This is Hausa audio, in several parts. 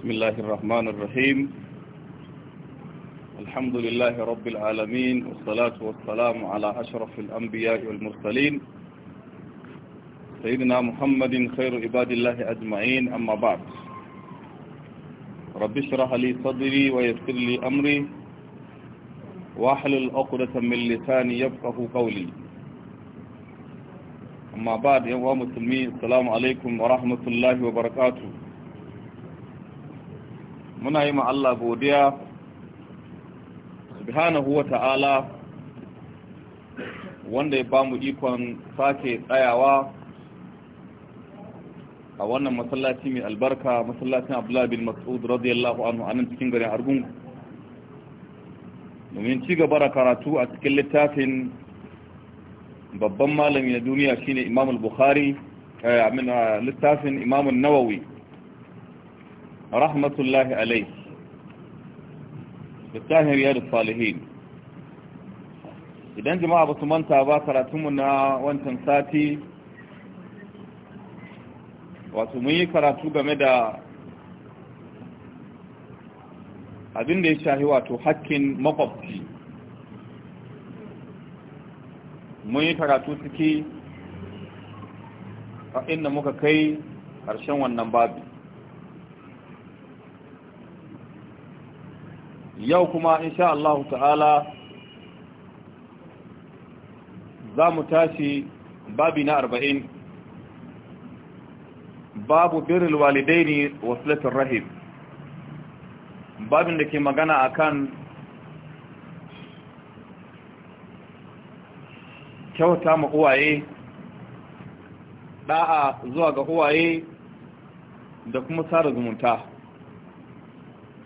بسم الله الرحمن الرحيم الحمد لله رب العالمين والصلاة والسلام على أشرف الأنبياء والمرسلين سيدنا محمد خير عباد الله أجمعين أما بعد رب اشرح لي صدري ويسر لي أمري واحلل عقدة من لساني يفقه قولي أما بعد يا مسلمين السلام عليكم ورحمة الله وبركاته muna yi Allah godiya subhanahu wa ta'ala wanda ya bamu ikon sake tsayawa a wannan masallaci mai albarka masallacin abdullahi bin matsud radiyallahu anhu anan cikin garin argungu domin ci gaba da karatu a cikin littafin babban malami na duniya shine imamul bukhari eh, a littafin imam nawawi rahmatullahi alai littafin riyadu salihin idan jama'a ba su manta ba karatunmu na wancan sati wato mun yi karatu game da abin da ya shahi wato hakkin makwabci mun yi karatu ciki a inda muka kai ƙarshen wannan babu yau kuma insha Allahu ta'ala za mu tashi babi na arba'in babu walidai walidaini wasu silatul rahim babin da ke magana a kan kyauta ma uwaye da'a zuwa ga uwaye da kuma tsara zumunta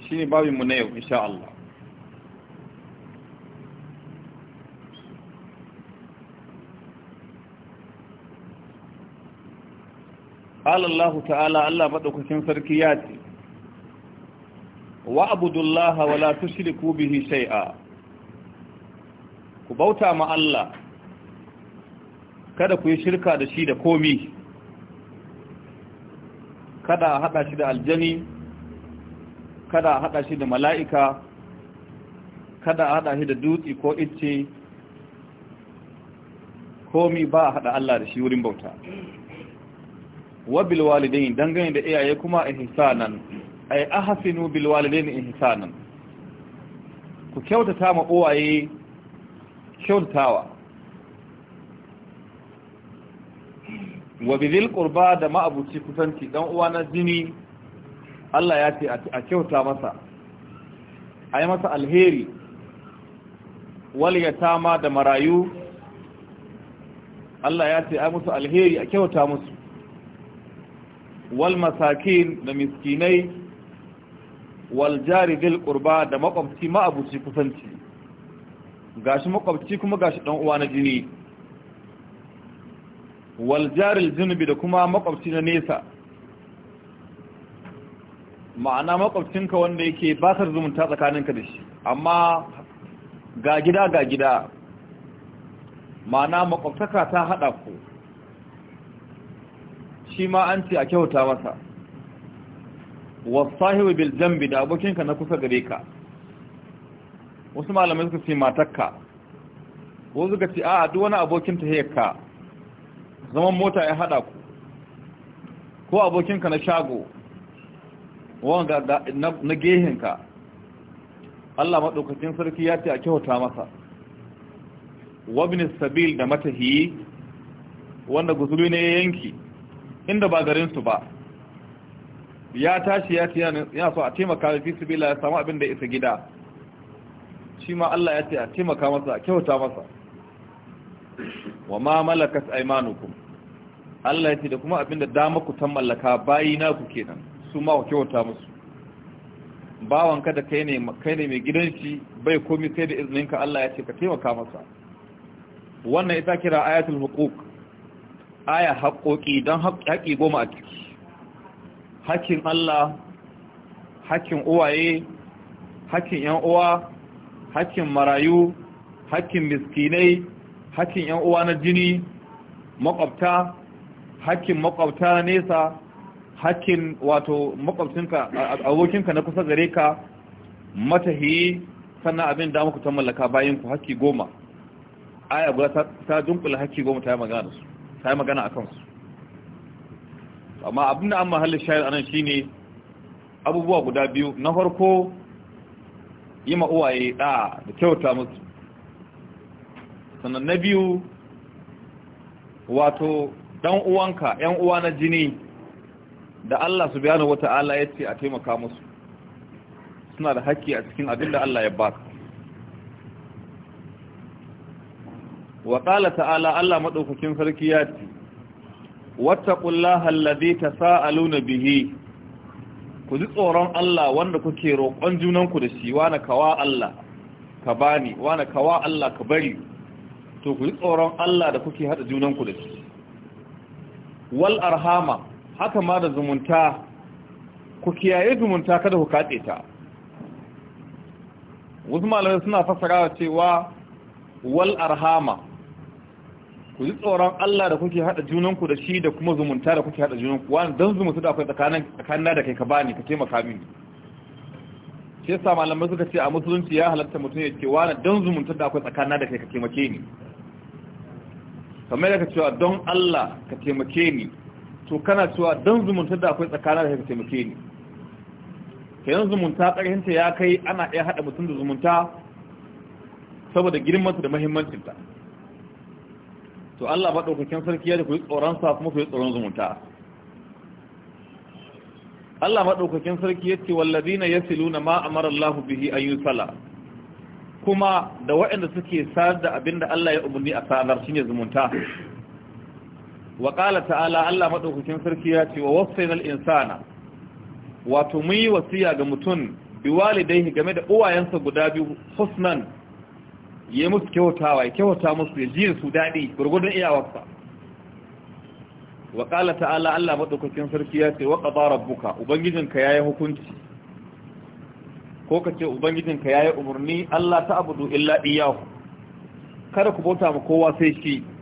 shi ne babinmu na yau insha Allah Allah ta'ala Allah maɗaukacin sarki ya ce wa'abudullaha wa la tushriku bihi a. ku bauta ma Allah kada ku yi shirka da shi da komi kada a haɗa shi da aljani kada a haɗa shi da mala'ika kada a haɗa shi da dutse ko icce komi ba a haɗa Allah da shi wurin bauta wabil walidain dangane da iyaye kuma ihsanan ay ahsinu bil walidain ihsanan ku kyautata ma uwaye kyautawa wa bizil qurba da ma'abuci kusanci dan uwa na jini Allah ya ce a kyauta masa a yi masa alheri wal ma da marayu Allah ya ce a musu alheri a kyauta musu wal masakin da miskinai wal jari dil qurba da makwabci ma abuci kusanci gashi makwabci kuma gashi dan uwa na jini wal jari zunubi da kuma makwabci na nesa ma'ana makwabcinka wanda yake ba sa zumunta tsakaninka da shi amma ga gida ga gida ma'ana makwabtaka ta haɗa ku shi ma an ce a kyauta masa wasahibu bil jambi da abokinka na kusa gare ka wasu malamai suka ce matakka wasu suka ce a duk wani abokin ta tahiyyarka zaman mota ya haɗa ku ko abokinka na shago wanga na gehenka Allah maɗaukacin sarki ya ce a kyauta masa wabinis sabil da matahiyi wanda guzuri ne ya yanki inda ba garinsu ba ya tashi ya ce yana so a taimaka fi sabila ya samu abin da isa gida shi ma Allah ya ce a taimaka masa a kyauta masa wa ma malakas aimanukum Allah ya ce da kuma abin da damar ku tan mallaka bayi na ku kenan su ma kyauta musu bawan kada da kai ne kai ne mai gidanci bai komi sai da izinin ka Allah ya ce ka taimaka masa wannan ita kira ayatul huquq aya haƙoƙi don haƙi goma a ciki hakkin Allah hakkin uwaye hakkin yan uwa hakkin marayu hakkin miskinai hakkin yan uwa na jini makwabta hakkin makwabta na nesa hakkin wato makwabcinka abokinka na kusa gare ka matahi sannan abin da muku ta mallaka bayan ku haki goma aya guda ta dunkula haki goma ta yi magana su ta yi magana a kansu amma abin da an mahallin shayar anan shine abubuwa guda biyu na farko yi ma uwaye da da kyauta musu sannan na biyu wato dan uwanka yan uwa na jini da Allah su wata ala ya ce a taimaka musu suna da haƙƙi a cikin abin da Allah ya ba wa ƙala ta'ala Allah maɗaukakin sarki ya ce wattaqullaha allazi tasaaluna bihi ku ji tsoron Allah wanda kuke roƙon junanku da shi wani kawa Allah ka bani wani kawa Allah ka bari to ku ji tsoron Allah da kuke haɗa junanku da shi wal arhama haka ma da zumunta ku kiyaye zumunta kada ku katse ta wasu malamai suna fassarawa cewa wal arhama ku ji tsoron Allah da kuke hada junan ku da shi da kuma zumunta da kuke hada junan ku wani dan zumunta da akwai tsakanin tsakanin da kai ka bani ka taimaka mini shi yasa malamai suka ce a musulunci ya halatta mutum ya ce wani dan zumunta da akwai tsakanin da kai ka taimake ni kamar da ka cewa don Allah ka taimake ni to kana cewa don zumunta da akwai tsakanin da ka taimake ni kenan zumunta tsarihinta ya kai ana iya haɗa mutum da zumunta saboda girmanta da mahimmancinta to Allah ba ɗaukakin sarki ya da ku tsoron sa kuma kuyi tsoron zumunta Allah maɗaukakin sarki ya ce ya silu na ma'amar allahu bihi an sala kuma da waɗanda suke sadar da abinda Allah ya umarni a sadar ne zumunta wa ƙala ta'ala Allah maɗaukakin sarki ya ce wa wasainal insana wato mun yi wasiya ga mutum bi walidaihi game da uwayensa guda biyu husnan ya musu kyautawa ya kyauta musu ya jiya su daɗi gurgudun iyawarsa wa ƙala ta'ala Allah maɗaukakin sarki ya ce wa ƙaba rabbuka ubangijinka ya yi hukunci ko ka ce ubangijinka ya yi umarni Allah ta abudu illa iyahu kada ku bauta ma kowa sai shi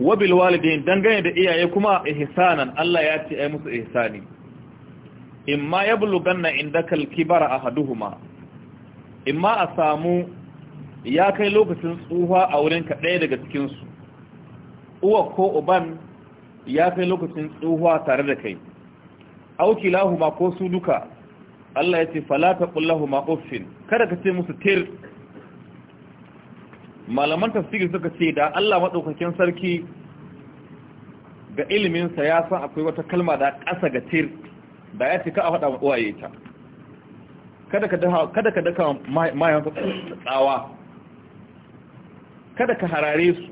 wa bil walidain dangane da iyaye kuma ihsanan Allah ya ce ai musu ihsani imma yablughanna indaka al-kibara ahaduhuma imma a samu ya kai lokacin tsufa a wurin ɗaya daga cikin su uwa ko uban ya kai lokacin tsufa tare da kai auki ma ko su duka Allah ya ce fala taqul ma uffin kada ka ce musu tir malaman tafsiri suka ce da Allah maɗaukakin sarki ga iliminsa ya san akwai wata kalma da ƙasa ga tir da ya ka a faɗa uwaye ta kada ka daka mayan tsawa kada ka harare su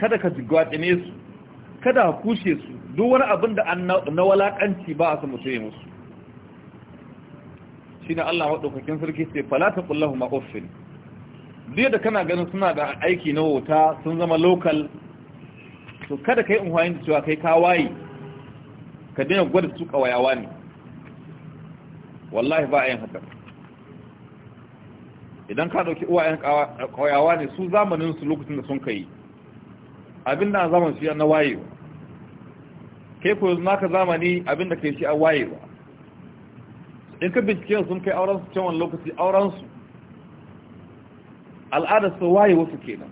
kada ka jigwatsine su kada ka kushe su duk wani abin da an na walakanci ba a samu sai musu shi ne Allah maɗaukakin sarki ce falata ƙullahu ma'ofin duk da kana ganin suna da aiki na wuta sun zama local to kada kai in da cewa kai ka ka daina gwada su kawayawa ne wallahi ba a yin haka idan ka dauki uwayen kawayawa ne su zamanin su lokacin da sun kai abin da zaman shi na wayewa kai ko naka zamani abin da ke shi a wayewa in ka bincike sun kai auren su cewa lokaci auren su al'adar su waye wasu kenan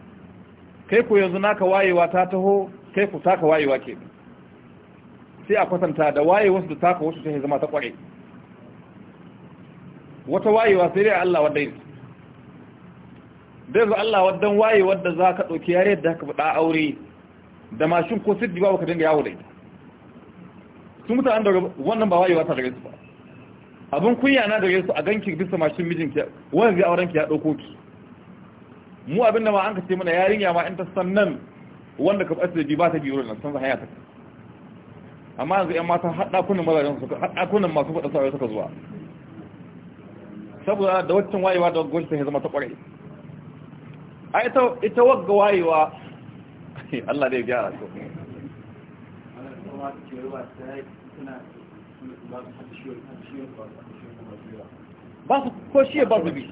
kai ku yanzu naka wayewa ta taho kai ku taka wayewa kenan sai a kwatanta da waye wasu da taka wasu sai zama ta kware wata wayewa sai dai Allah wadda yin dai zo Allah waddan waye da za ka ɗauki yare da ka bada aure da mashin ko siddi ba ka dinga yawo da ita sun mutu an da wannan ba wayewa ta daga su ba abin kunya na daga su a ganki bisa mashin mijinki wanda zai auren ki ya ɗauko ki mu abinda ma an ka ce mana yarinya ma in ta san nan wanda ka fasa ji ba ta biyo nan san zahaya ta amma yanzu ƴan mata haɗa kunan mazajen suka haɗa kunan masu faɗa sawa suka zuwa saboda da waccan wayewa da gwajin ta zama ta ƙwarai a ita ita wagga wayewa Allah zai gyara su ba su ko shi ba su bi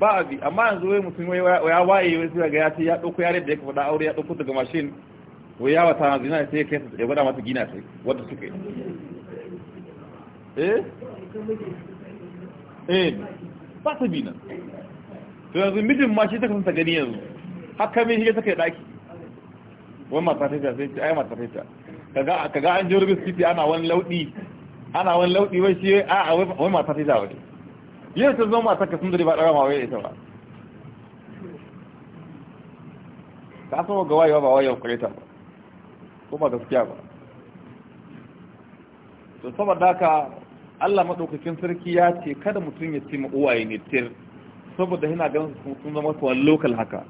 ba a bi amma yanzu wai mutum ya waye wai sai ga ya ce ya dauko yare da ya kafa aure ya dauko daga mashin wai ya wata zina sai ya kai ya gwada mata gina sai wanda suka yi eh eh ba ta bina to yanzu mijin ma shi ta kasanta gani yanzu haka mai shiga ta kai daki wani mata ta ta sai ce ai mata ta kaga kaga an je rubis ana wani laudi ana wani laudi wai shi a wai mata ta ta wai yau ta zama matarka sun dare ba ɗara ma waye ita ba ta sama ga wayewa ba wayewa kureta ba ko ba gaskiya ba to saboda haka Allah maɗaukakin sarki ya ce kada mutum ya ce uwaye ne tir saboda yana ganin sun zama kuwa lokal haka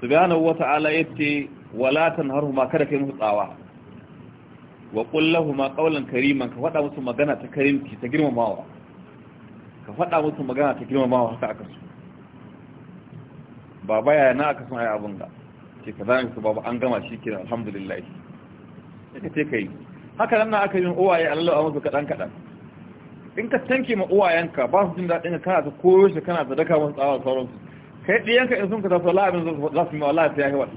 su ala wata'ala ce wala haruma kada kai musu tsawa wa kullahu ma qawlan kariman ka faɗa musu magana ta karimci ta girmamawa ka faɗa musu magana ta girmamawa haka aka so baba yaya na aka son ayi abun da ce ka zame su baba an gama shi kenan alhamdulillah sai ce kai haka nan na aka yin uwaye Allah a musu kadan kadan in ka tanke ma uwayenka ba su jin daɗin ka kana ta koyo shi kana ta daka musu tsawa sauransu kai ɗiyanka in sun ka tafi la'abin za su yi ma Allah ta yi wata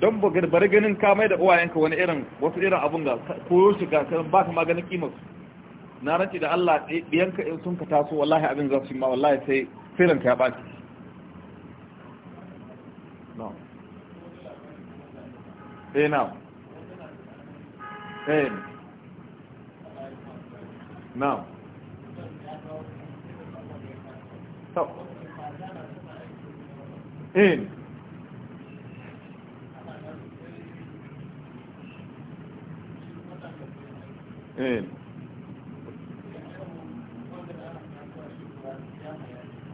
don bari ganin ka mai da uwayenka wani irin wasu irin abun ga koyo shi ga ba ka maganin kimar na rance da Allah ɗiyanka in sun ka taso wallahi abin za su yi ma wallahi sai sai ka ya baki. eh eh eh eh,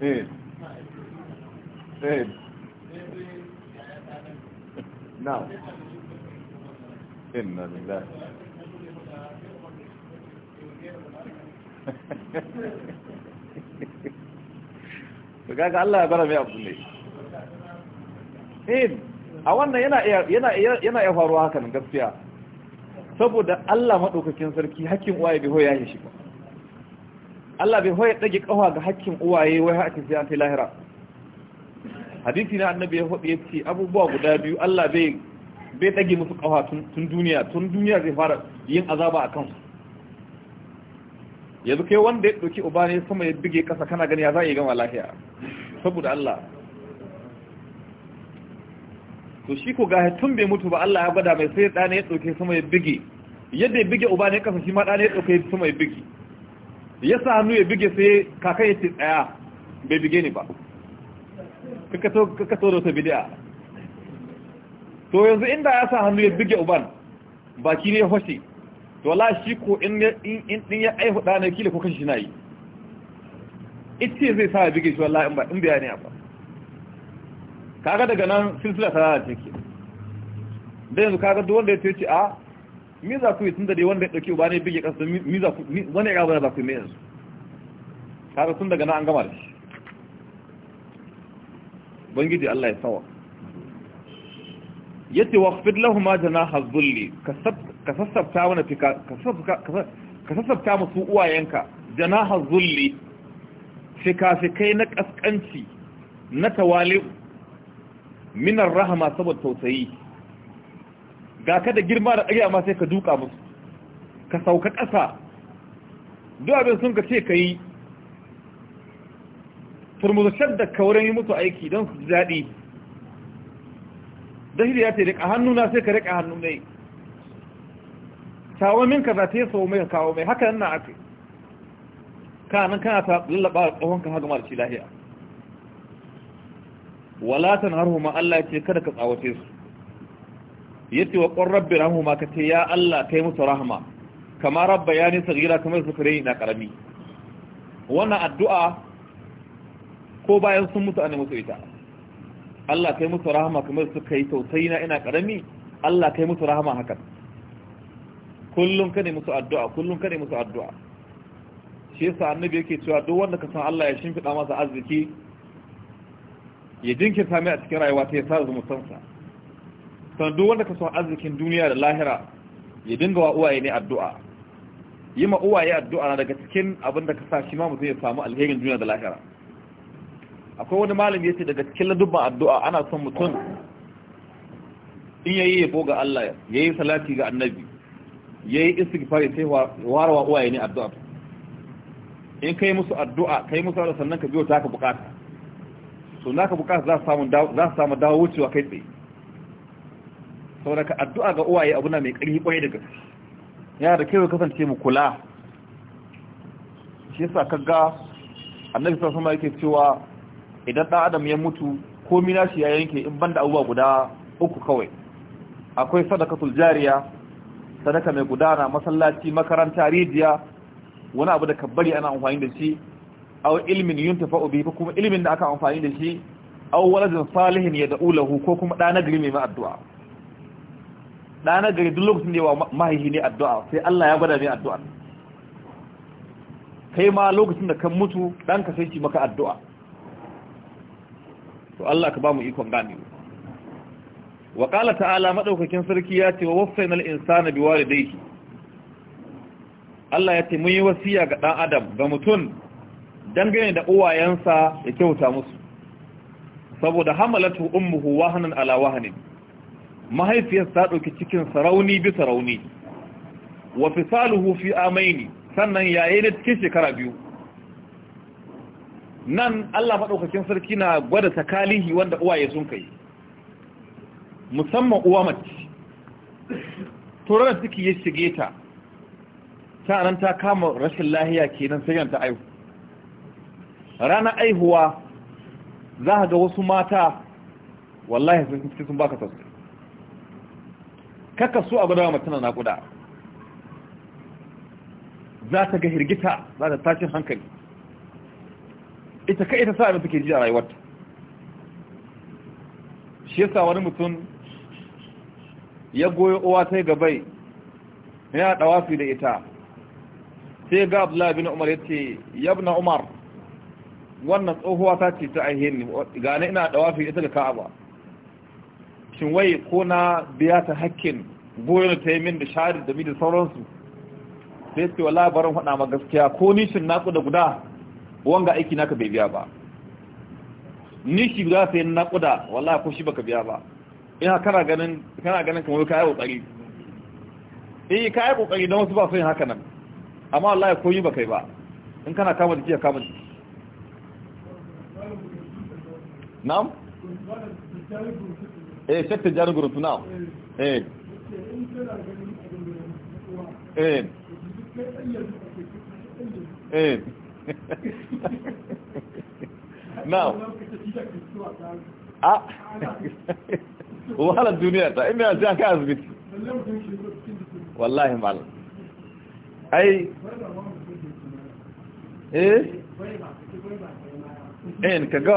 eh. eh. na Allah ya bara mai abu ne eh. a wannan yana yana yana faruwa haka gaskiya saboda Allah maɗaukakin sarki hakkin uwaye bai hoya ya shi ba Allah bai hoya ɗage ƙawa ga hakkin uwaye wai haka sai an fi lahira hadisi na annabi ya hudu ya ce abubuwa guda biyu Allah bai bai ɗage musu ƙawa tun duniya tun duniya zai fara yin azaba a kansu yanzu kai wanda ya ɗauki uba ne sama ya bige ƙasa kana gani ya za a yi gama lahiya. saboda Allah to shi ko ga tun bai mutu ba Allah ya gwada mai sai ɗane ya ɗauke sama ya bige yadda ya bige uba ne kasa shi ma ɗane ya ɗauke sama ya bige ya sa hannu ya bige sai kakan ya ce tsaya bai bige ni ba kakato da wata bidiya to yanzu inda ya sa hannu ya bige uban baki ne ya fashe to wala shi ko in ya aihu ne kila ko kashi shi na yi ita zai sa ya bige shi wallahi in ba in biya ba kaga daga nan silsila ta lalace ke da yanzu kaga duk wanda ya ce a mi za ku yi tun da dai wanda ya dauki ba ne bige kasa mi za ku wani ya za ku yi mai yanzu kaga tun daga nan an gama da shi bangiji Allah ya sawa yace waqfid lahum janaha dhulli ka sassafta mana fika ka sassafta musu uwayenka janaha dhulli fika fikai na kaskanci na tawali'u minar rahama saboda tausayi ga ka da girma da ɗaya ma sai ka duka musu ka sauka ƙasa duk abin sun ka ce ka yi turmuzashen da kauran yi musu aiki don su daɗi dashi ya ce daga hannuna sai ka riƙa hannu mai kawo min ka za ta yi sau mai kawo mai haka yana na ake kanan kana ta lallaba a tsohon ka hagama da shi lahiya wala tanharhuma Allah ce kada ka tsawace su yace wa qur rabbi rahuma ka ce ya Allah kai musu rahama kama rabba ya ni sagira kamar su kare na karami wannan addu'a ko bayan sun mutu an musu ita Allah kai musu rahama kamar su kai tausayi na ina karami Allah kai musu rahama hakan kullum kane musu addu'a kullum kane musu addu'a shi yasa annabi yake cewa duk wanda ka san Allah ya shimfida masa arziki ya jinkirta mai a cikin rayuwa ta ya sa zumuntansa sansa duk wanda ka son arzikin duniya da lahira ya dinga wa uwaye ne addu'a yi ma uwaye addu'a na daga cikin abin da ka sa shi ma mutum ya samu alherin duniya da lahira akwai wani malam ya ce daga cikin ladubban addu'a ana son mutum in ya yi yabo ga Allah ya yi salati ga annabi ya yi istighfar sai warwa uwaye ne addu'a in yi musu addu'a yi musu sannan ka biyo ta ka bukata to ka bukata za su samu dawo wucewa kai tsaye da ka addu'a ga uwaye abu na mai ƙarfi ƙwai da gaske yana da kewa kasance mu kula shi yasa a annabi sallallahu alaihi yake cewa idan ɗan adam ya mutu komai nashi ya yanke in banda abubuwa guda uku kawai akwai sadakatul jariya sadaka mai gudana masallaci makaranta rijiya wani abu da ka bari ana amfani da shi aw ilmin yuntafa'u bihi kuma ilmin da aka amfani da shi aw waladun salihin yad'u lahu ko kuma dana gari mai addu'a da gari duk lokacin da yawa mahaihi ne addu'a sai Allah ya gwada mai addu'a kai ma lokacin da kan mutu dan ka sai shi maka addu'a to Allah ka ba mu ikon gane wa qala ta'ala madaukakin sarki ya ce wa wasaina insana biwalidayhi Allah ya ce mun yi wasiya ga dan adam ga mutum dangane da uwayensa ya kyauta musu saboda hamalatu ummuhu wahanan ala wahanin mahaifiyar ta dauki cikin sarauni bi sarauni. wa fisaluhu fi amaini sannan yayin da cikin shekara biyu nan Allah madaukakin sarki na gwada takalihi wanda uwaye sun kai musamman uwa mace turar da ciki ya shige ta sa'anan ta kama rashin lahiya kenan sai ta aihu ranar aihuwa za a ga wasu mata wallahi sun sun baka sosai Karka so a gudawa mace na naƙuda za ta ga hirgita za ta tashin hankali ita ka ita sa'adun suke ji a rayuwarta shi yasa wani mutum ya goyo uwa ta gabai yana ɗawafi da ita sai ga abu labin umar ya ce yabna umar wannan tsohuwa ta ce ta aihe ne gane ina da wafi ita da ka'aba shin wai ko na biya ta hakkin goyon ta yi min da shari da mi da sauransu sai ce wala labarin faɗa ma gaskiya ko nishin naku da guda wanga aiki naka bai biya ba nishi guda sai da wala ko shi baka biya ba ina kana ganin kana ganin kamar ka yi kokari eh ka yi kokari don wasu ba su yin haka nan amma wallahi ko yi baka yi ba in kana kama jiki ka kama jiki na'am eh na'am eh eh eh na'am a ah. wahalar duniya ta ina yanzu an asibiti wallahi mal ai eh eh ka ga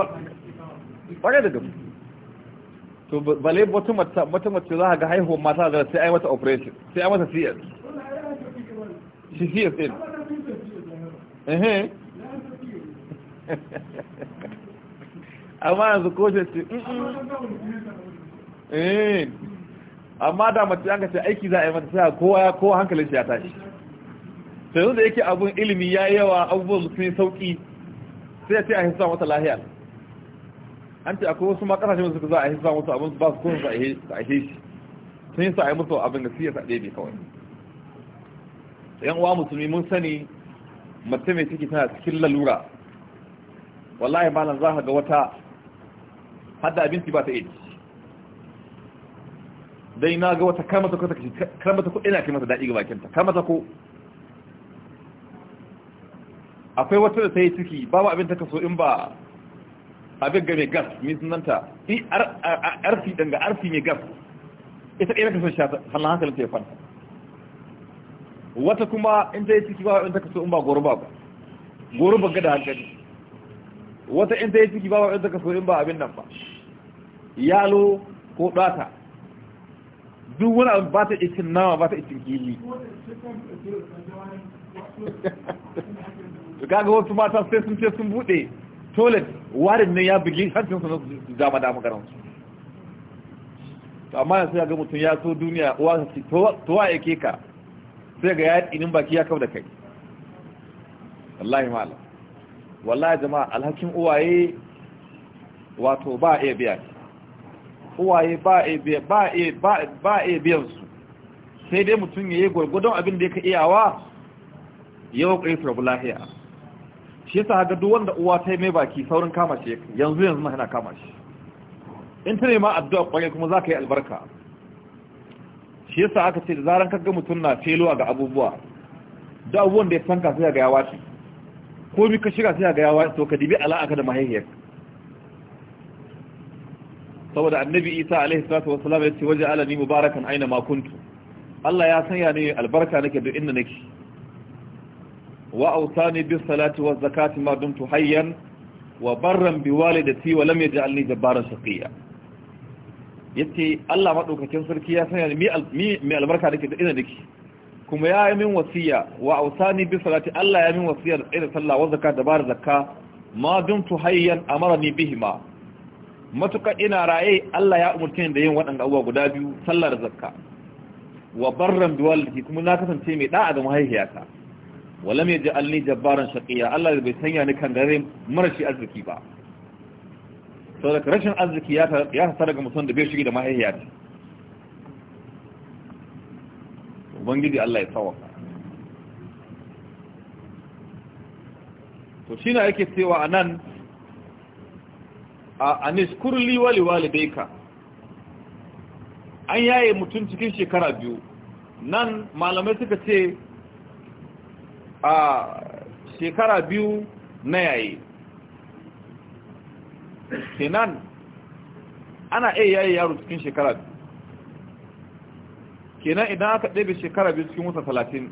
ƙwarai da gaske to bale wata mace za a ga haihuwar mata da sai ai mata operation sai ai mata cs shi cs din amma yanzu ko ce ce eh amma da mace an ka ce aiki za a yi mata sai kowa kowa hankalin shi ya tashi sai yanzu da yake abun ilimi ya yawa abubuwan sun sauki sai ya ce a hisa mata lahiyar. an ce akwai wasu ma kasashen suka za a yi sa musu abin ba su kuma su a shi sun yi sa a yi musu abin da siyasa ɗaya bai kawai yan uwa musulmi mun sani mace mai ciki tana cikin lalura wallahi malam za ka ga wata hadda abinci ba ta iya dai na ga wata karmata ko karmata ko ina kai mata daɗi ga bakinta ta ko akwai wata da ta yi ciki babu abin ta kaso in ba abin ga mai gas mai sunanta fi arfi ɗanga arfi mai gas ita ɗaya ka so shi hankali hankalin ta ya fanta wata kuma in ta yi ciki ba in ta kaso in ba goro ba goro ba gada hankali wata in ta yi ciki ba in ta kaso in ba abin nan ba yalo ko ɗata duk wani abu ba ta ikin nama ba ta ikin ga ga wasu mata sai sun ce sun buɗe toilet warin ne ya bugi hancinsu na dama dama garansu amma yanzu sai ga mutum ya so duniya uwa towa ya ke ka sai ga ya inin baki ya kawo da kai wallahi ma'ala wallahi jama'a alhakin uwaye wato ba a biya uwaye ba a biyan su sai dai mutum ya yi gwargwadon abin da ya ka iyawa yau ƙaifar bulahiya shi yasa ga duk wanda uwa ta yi mai baki saurin kama shi yanzu yanzu ma yana kama shi in ta nema addu'a kwaye kuma za ka yi albarka shi yasa aka ce da zaran ga mutum na feluwa ga abubuwa da abubuwan da ya san sai ga ya wace ko mi ka shiga sai ga ya wace to ka dibi ala'aka da mahaihiyar saboda annabi isa alaihi salatu wasalam ya ce waje alani mubarakan aina ma kuntu Allah ya sanya ni albarka nake duk inda nake وأوصاني بالصلاة والزكاة ما دمت حيا وبرا بوالدتي ولم يجعلني جبارا شقيا yace Allah madaukakin sarki ya sanya mi mi albarka dake da ina dake kuma ya yi min wasiya wa ausani bi salati Allah ya yi min wasiya da tsira sallah wa zakat da bar zakka ma dumtu hayyan amarani bihima matuka ina raye Allah ya umurce ni da yin waɗanda abubuwa guda biyu sallah da zakka wa barran bi walidi kuma na kasance mai da'a da mahaifiyata walam alni jabbaran shaqiya Allah bai sanya ni kan gare marashi arziki ba da rashin arziki ya ya tsara ga mutum da bai shige da mahaifiya ta ubangiji Allah ya tsawaka to shine yake cewa anan a aniskurli wali ka, an yaye mutum cikin shekara biyu nan malamai suka ce a shekara biyu na yayi kenan ana iya yayi yaro cikin shekara biyu kenan idan aka ɗabe shekara biyu cikin wata talatin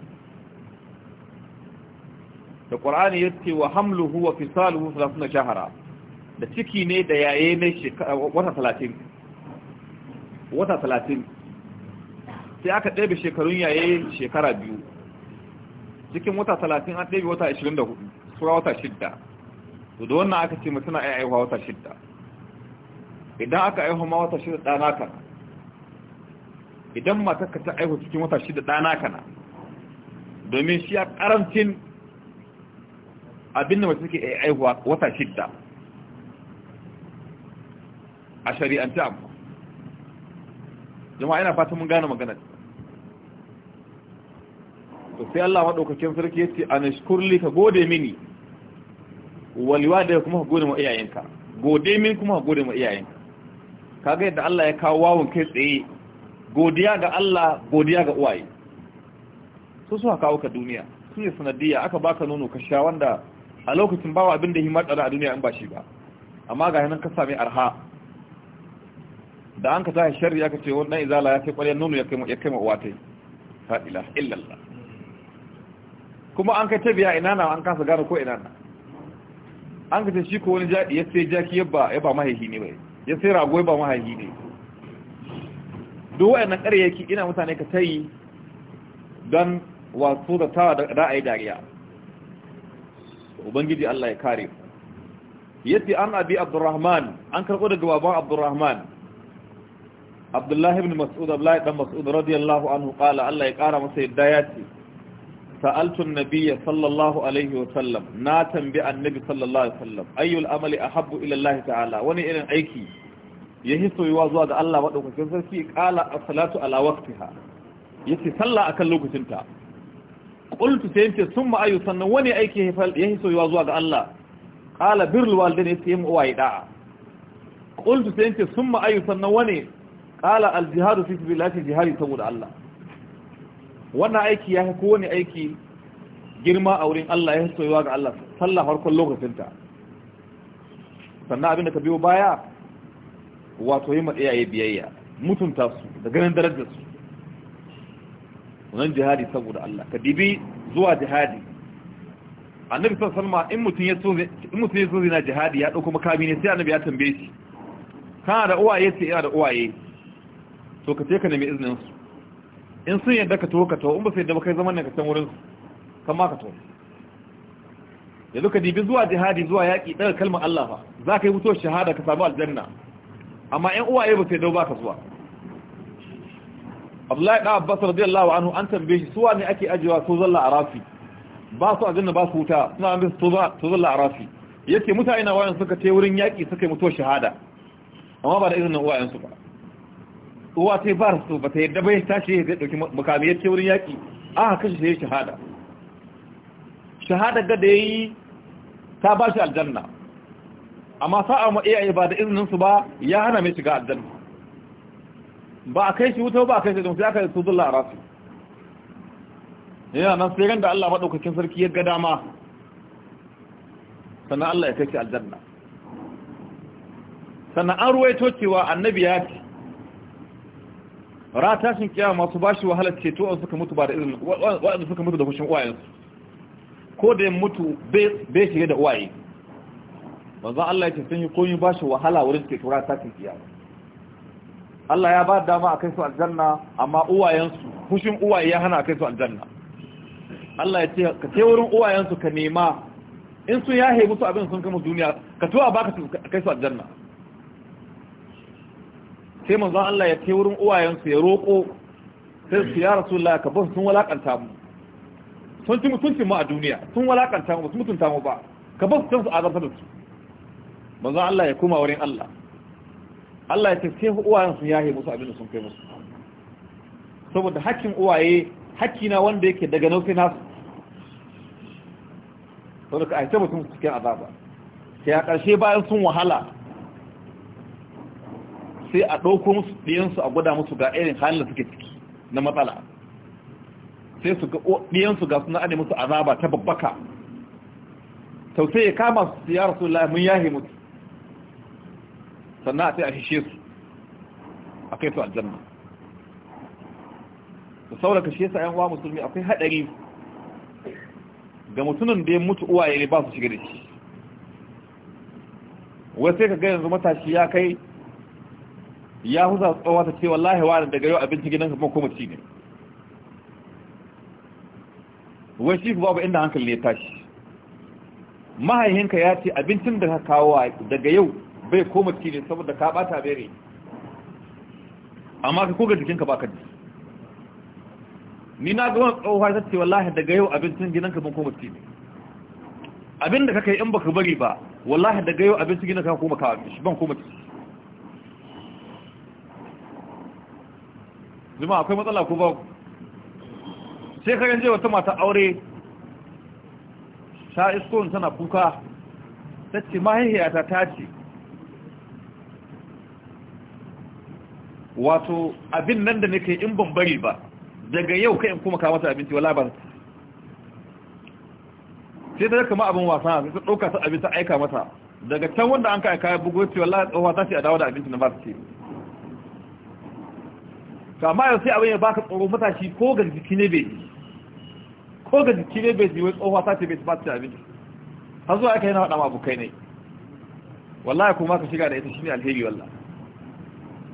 da ƙwar'ani ya ce wa hamluhu wa fisaluhu salatun shahara da ciki ne da yaye ne wata talatin wata talatin sai aka ɗabe shekarun yaye shekara biyu cikin wata talatin an ɗebe wata ashirin da hudu sura wata shidda to da wannan aka ce mutum na aihuwa wata shidda idan aka aihu ma wata shidda ɗana kana idan ka ta aihu cikin wata shidda ɗana kana domin shi a ƙarancin abin da mace iya aihuwa wata shidda a shari'ance amma jama'a ina fata mun gane maganar to sai Allah madaukakin sarki a anashkurli ka gode mini da kuma gode ma iyayenka gode min kuma gode ma iyayenka kaga yadda Allah ya kawo wawon kai tsaye godiya ga Allah godiya ga uwaye su suka kawo ka duniya su ne sanadiyya aka baka nono ka sha wanda a lokacin bawa abin da himar dara a duniya in ba shi ba amma ga yanan ka sami arha da an ka tashi sharri aka ce wannan izala ya kai kwalliyar nono ya kai ma uwa ta yi ilaha illallah kuma an kai tabiya ina na an kasa gane ko ina na an kai shi ko wani jadi ya sai jaki ya ba ya ba mahaihi ne bai ya sai rago ya ba mahaihi ne duk wayannan ƙaryaki ina mutane ka tayi don wasu da tawa da ra'ayi dariya ubangiji Allah ya kare yace an abi abdurrahman an karbo daga baban abdurrahman abdullahi ibn mas'ud abdullahi ibn mas'ud radiyallahu anhu qala Allah ya kara masa yadda yace sa'altun nabiyya sallallahu alaihi wa sallam na tambi annabi sallallahu alaihi wa sallam ayyul amali ahabbu ila Allah ta'ala wani irin aiki ya hiso yiwa zuwa ga Allah madaukakin sarki qala as-salatu ala ya yace sallah a kan lokacinta qultu sai yace summa ayu sannan wani aiki ya hiso yiwa zuwa ga Allah qala ne walidaini yace mu uwaye da'a qultu sai yace summa ayu sannan wani qala aljihadu jihadu fi sabilillahi jihadi saboda Allah wannan aiki ya fi kowane aiki girma a wurin Allah ya soyuwa ga Allah sallah farkon lokacinta sannan abinda ka biyo baya wato yi ya biyayya mutunta su da ganin darajar su wannan jihadi saboda Allah ka dibi zuwa jihadi annabi sallallahu Salma, in mutum ya so in mutum ya so zina jihadi ya dauko makami ne sai annabi ya tambaye shi kana da uwaye sai ina da uwaye to ka je ka nemi izinin su in sun yadda ka to ka in ba su yadda ba kai zaman ne ka san wurin kan ma ka to yanzu ka dibi zuwa jihadi zuwa yaƙi ɗaga kalmar Allah fa za ka yi mutuwar shahada ka samu aljanna amma ƴan uwaye ba su yadda ba ka zuwa Abdullahi da Abbas radiyallahu anhu an tambaye shi suwa ne ake ajiyewa su zalla a rafi ba su aljanna ba su wuta suna an su zalla a rafi yake mutane na wayan suka te wurin yaƙi suka yi mutuwar shahada amma ba da izinin uwayensu ba uwa ta ba su ba ta yadda bai tashi zai dauki makami ya ce wurin yaki aka shi sai shahada shahada ga da yi ta ba shi aljanna amma sa'a ma iyaye ba da izinin su ba ya hana mai shiga aljanna ba a kai shi wuta ba a kai shi don ya kai su zulla a rasu yana nan sai ran da Allah madaukakin sarki ya ga dama sannan Allah ya kai shi aljanna sannan an ruwaito cewa annabi ya ce ra tashin kiyama masu bashi wahalar ceto an suka mutu ba da izini waɗanda suka mutu da kushin uwayensu ko da ya mutu bai shige da uwaye manzo Allah yake sun yi koyi bashi wahala wurin ceto ra tashin kiyama Allah ya ba dama akai su aljanna amma uwayensu kushin uwaye ya hana akai su aljanna Allah ya ce ka ce wurin uwayensu ka nema in sun yahe musu abin sun kama duniya ka tuwa baka kai su aljanna sai manzon Allah ya kai wurin uwayensu ya roƙo sai su ya rasulullah ka bar sun walakanta mu sun ci mutunci mu a duniya sun walakanta mu sun mutunta mu ba ka ba su su azabta da su manzon Allah ya koma wurin Allah Allah ya ce sai uwayensu ya yi musu abin da sun kai musu saboda hakkin uwaye hakki na wanda yake daga nauyi nasu saboda ka aita mutum cikin azaba sai a ƙarshe bayan sun wahala sai a ɗauko musu ɗiyansu a gwada musu ga irin halin da suke ciki na matsala sai su ga ɗiyansu ga suna ade musu azaba ta babbaka sai ya kama su ya rasu mun yahe mutu sannan a sai a shishe su a kai su aljanna da sauraka shi yasa yan uwa musulmi akwai haɗari ga mutumin da ya mutu uwaye ne ba su shiga da shi wai sai ka ga yanzu matashi ya kai ya huza tsawa ta ce wallahi wa daga yau abinci gidan kuma kuma ci ne wai shi babu inda hankali ne tashi mahaihinka ya ce abincin da ka kawo daga yau bai koma ci ne saboda ka bata bere amma ka koga jikinka ba ka ji ni na ga wani tsohuwar ta ce wallahi daga yau abincin gidan kuma kuma ci ne abin da ka kai in baka bari ba wallahi daga yau abincin gidanka koma kawo ban koma ci zuma akwai matsala ko ba sai ka ganje wata mata aure ta iskon tana kuka ta ce mahaihiyata ta ce wato abin nan da nake in ban bari ba daga yau kai in kuma ka mata abinci wala ba sai da kama abin wasa sai ta ɗauka ta abin ta aika mata daga can wanda an ka aika bugo ce wala tsohuwa ta ce a dawo da abinci na ba ta ce to amma yau sai abin ya baka tsoro matashi ko ga jiki ne bai ko ga jiki ne bai wai tsohuwa ta ce bai ba ta abin ta zuwa aka yana waɗanda abokai ne wallahi kuma ka shiga da ita shine alheri wallahi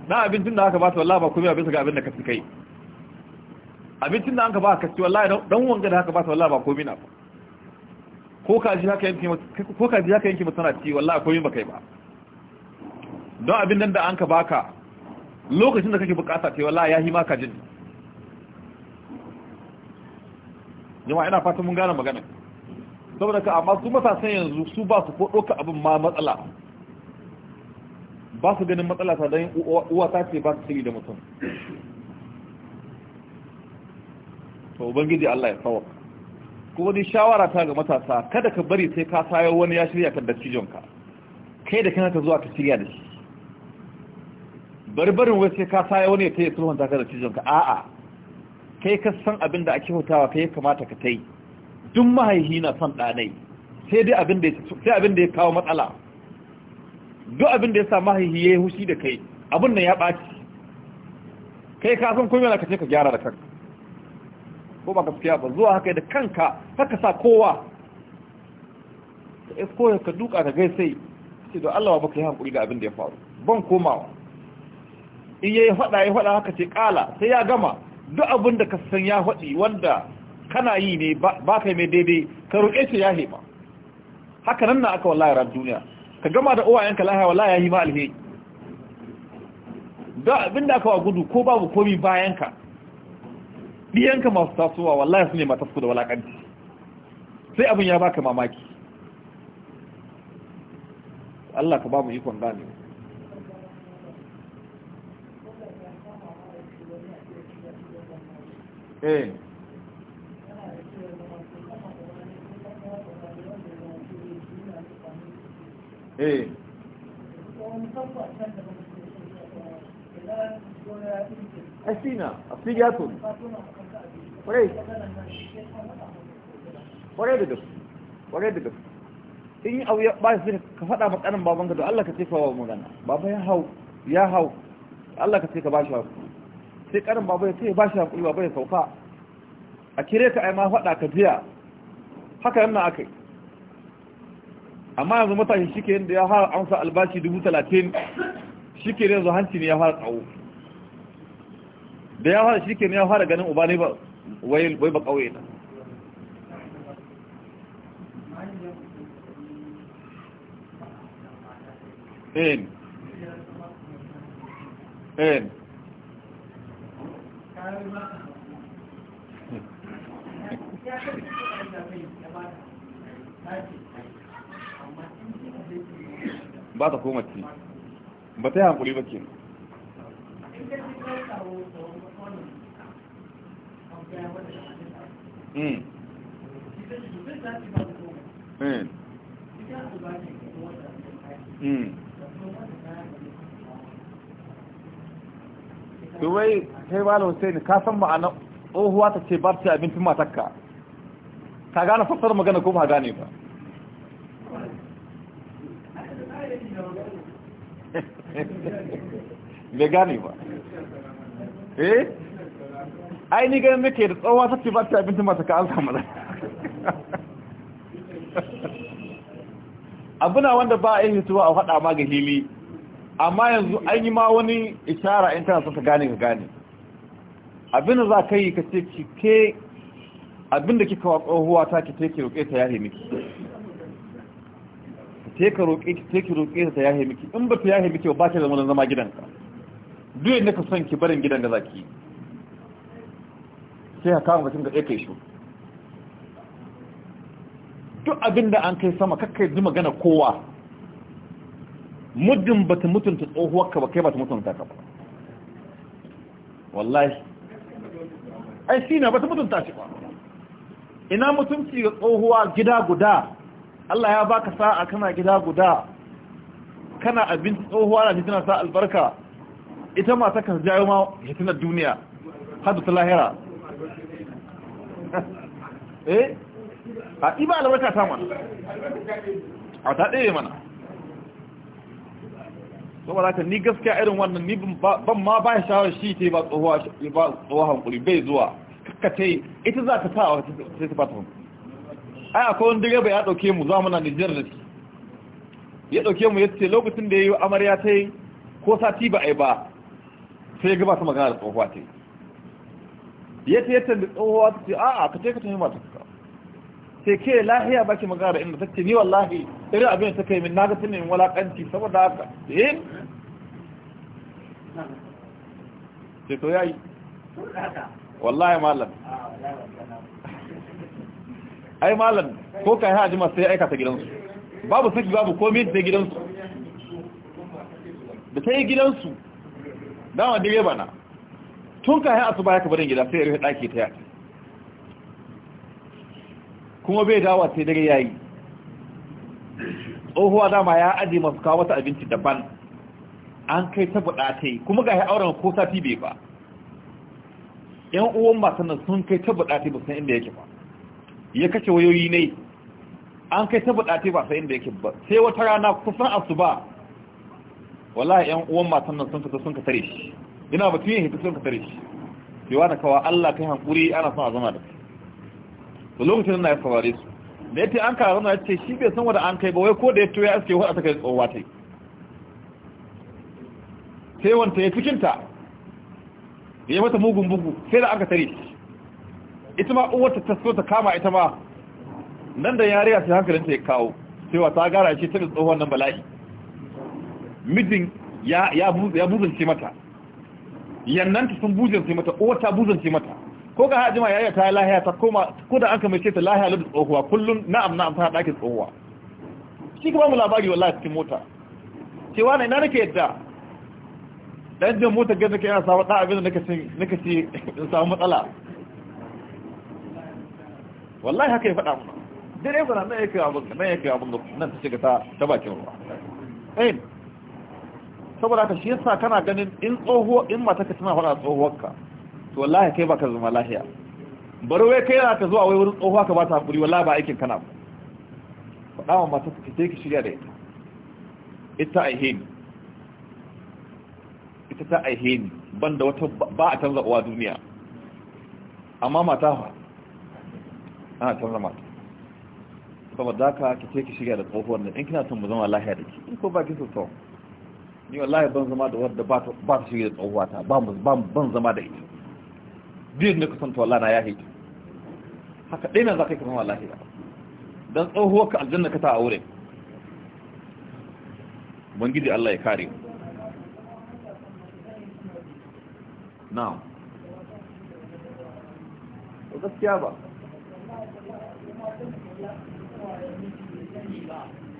na abincin da aka ba ta wallahi ba kuma bisa ga abin da ka kai abincin da an ka ba ka ci wallahi dan wanga da aka ba ta wallahi ba komai na ba ko ka ji haka yanke ko ka ji haka yanke mutana ci wallahi komai ba kai ba don abin nan da an ka baka lokacin da kake bukata ce wallahi yahi ma kajin jama'a ina fatan mun gane magana saboda ka amma su matasan yanzu su ba su ko doka abin ma matsala ba su ganin matsala ta dan uwa ta ce ba su shiri da mutum to ubangiji Allah ya tsawo ko wani shawara ta ga matasa kada ka bari sai ka sayo wani ya shirya kan dattijonka kai da ka zuwa ka shirya da shi barbarin wai sai ka saya wani ta yi sulhun ka da cijonka a'a kai ka san abin da ake hutawa kai kamata ka ta yi duk mahaihi na son ɗanai sai dai abin da ya kawo matsala duk abin da ya sa mahaihi ya yi hushi da kai abin nan ya ɓaci kai ka san kuma ka ce ka gyara da kanka ko ba gaskiya ba zuwa haka da kanka haka sa kowa ka isko ka duka ka gaisai sai don Allah ba ka yi hankuri da abin da ya faru ban komawa in yi faɗa ya faɗa haka ce ƙala sai ya gama duk abin da ka san ya faɗi wanda kana yi ne ba kai mai daidai ka roƙe shi ya heɓa haka nan na aka wallahi ran duniya ka gama da yanka lahiya wallahi ya hima alhe da abin da aka wa gudu ko babu komi bayanka ɗiyanka masu tasowa wallahi su ne matasku da walakanci sai abin ya baka mamaki Allah ka ba mu ikon gane eh eh asina asiyatun kwarai da gaske kwarai da gaske in yi abu ya ba shi ka faɗa makanin babanka da Allah ka ce kawo magana baba ya hau ya hau Allah ka ce ka ba shi hau sai karin babu ya ce ba shi hankuli babu ya sauka a kire ka ai ma faɗa ka biya haka yana aka yi amma yanzu matashi shi ke yadda ya fara amsa albashi dubu talatin shi ke yanzu hanci ne ya fara tsawo da ya fara shi ke ne ya fara ganin uba ne ba wai ba ƙauye na in in ba ta koma ci ba ta yi hankuli ba ke Mm. Hmm. Hmm. to wai kai malam Hussein ka san ma'ana tsohuwa ta ce barci ta abincin matakka ka gane fassarar magana ko ba gane ba bai gane ba eh ainihin ganin nake da tsohuwa ta ce barci a abincin matakka an samu abuna wanda ba a yi hituwa a faɗa ma ga hili amma yanzu an yi ma wani ishara in tana son ka gane ka gane abin da za ka yi ka ce ki ke abin da kika tsohuwa ta ki teke roƙe ta yahe miki ki take roƙe ki teke roƙe ta yahe miki in ba ta yahe miki ba ta da zama gidanka duk yadda ka son ki barin gidan da za yi sai haka kama mutum ga ɗaya kai shi duk abin da an kai sama kakkai ji magana kowa muddin ba ta mutunta tsohuwarka ba kai ba ta mutunta ka ba wallahi ai shi na ba ta mutunta shi ba ina mutunci ga tsohuwa gida guda Allah ya baka sa'a kana gida guda kana abinci tsohuwa na tana sa albarka ita ma takan jayo ma hitinar duniya hadu ta lahira eh a iba albarka ta mana a ta ɗaya mana saboda haka ni gaskiya irin wannan ni ban ma ba shawar shi ta ba tsohuwa hankuri bai zuwa kakkace ita za ta sa a sai ta fata ai akwai wani direba ya dauke mu za na nijar da shi ya dauke mu ya ce lokacin da ya yi amarya ta yi ko sati ba a yi ba sai ya gabata magana da tsohuwa ta yi ya ce ya tambi tsohuwa ta ce a'a ka ce ka tafi mata sai ke lahiya baki magana inda ce ni wallahi irin abin da kai min naga tunin walakanci saboda haka yin eh? ce to yayi wallahi malam ai malam ko yi haji ma sai aikata gidansu babu saki babu komi da gidansu da ta yi gidansu dama dire bana. tun ka kai asuba ya ka barin gida sai ya rufe daki ta yaki kuma bai dawa sai dare yayi tsohuwa dama ya aje masu kawo wata abinci daban an kai ta buɗa ta yi kuma ga ya auren ko safi bai ba yan uwan masu nan sun kai ta buɗa ta ba san inda yake ba ya kashe wayoyi ne an kai ta buɗa ta ba san inda yake ba sai wata rana kusan asuba Wala yan uwan masu nan sun fita sun ka tare shi ina batun yin hita sun ka tare shi yawa wata kawa Allah kai hankuri ana son a zama da kai to lokacin na ya saurare su da ya an kawo na ce shi bai san wanda an kai ba wai ko da ya toya aske wa a saka tsohuwa ta yi sai wanta ya cikinta ya mata mugun bugu sai da aka tare ita ma uwarta ta so ta kama ita ma nan da yariya sai ta ya kawo cewa ta gara ce ta da tsohon nan bala'i mijin ya buzance mata yannanta sun buzance mata uwar ta buzance mata ko ga hajima ya yi ta lahiya ta koma ko da an kama ce ta lahiya ladu tsohuwa kullum na'am na'am ta ɗakin tsohuwa shi ka mu labari wallahi cikin mota cewa na ina nake yadda dan jin mota gaza ke yana sawa da abin da nake ci in samu matsala wallahi haka ya faɗa mana direba na nan ya kai abin nan ya kai abin nan ta shiga ta bakin ruwa eh saboda ka shi yasa kana ganin in tsohuwa in matarka tana faɗa tsohuwarka to wallahi kai baka zama lahiya bari wai kai na ka zuwa wai wurin tsohuwa ka ba ta hakuri wallahi ba aikin kana ba faɗa wa mata ka sai ki shirya da ita ita aihe ni ita ta aihe ni ban da wata ba a canza uwa duniya amma mata ha ana canza mata saboda ka ki ce ki shirya da tsohuwar nan in kina son mu zama lahiya da ki in ko ba ki so to ni wallahi ban zama da wadda ba ta shirya da tsohuwa ta ban zama da ita biyun ne kusanta wallah na ya yahi haka ɗaya nan za ka yi kasan wallahi ba don tsohuwar ka aljanna ka ta a wurin bangiji Allah ya kare na'am gaskiya ba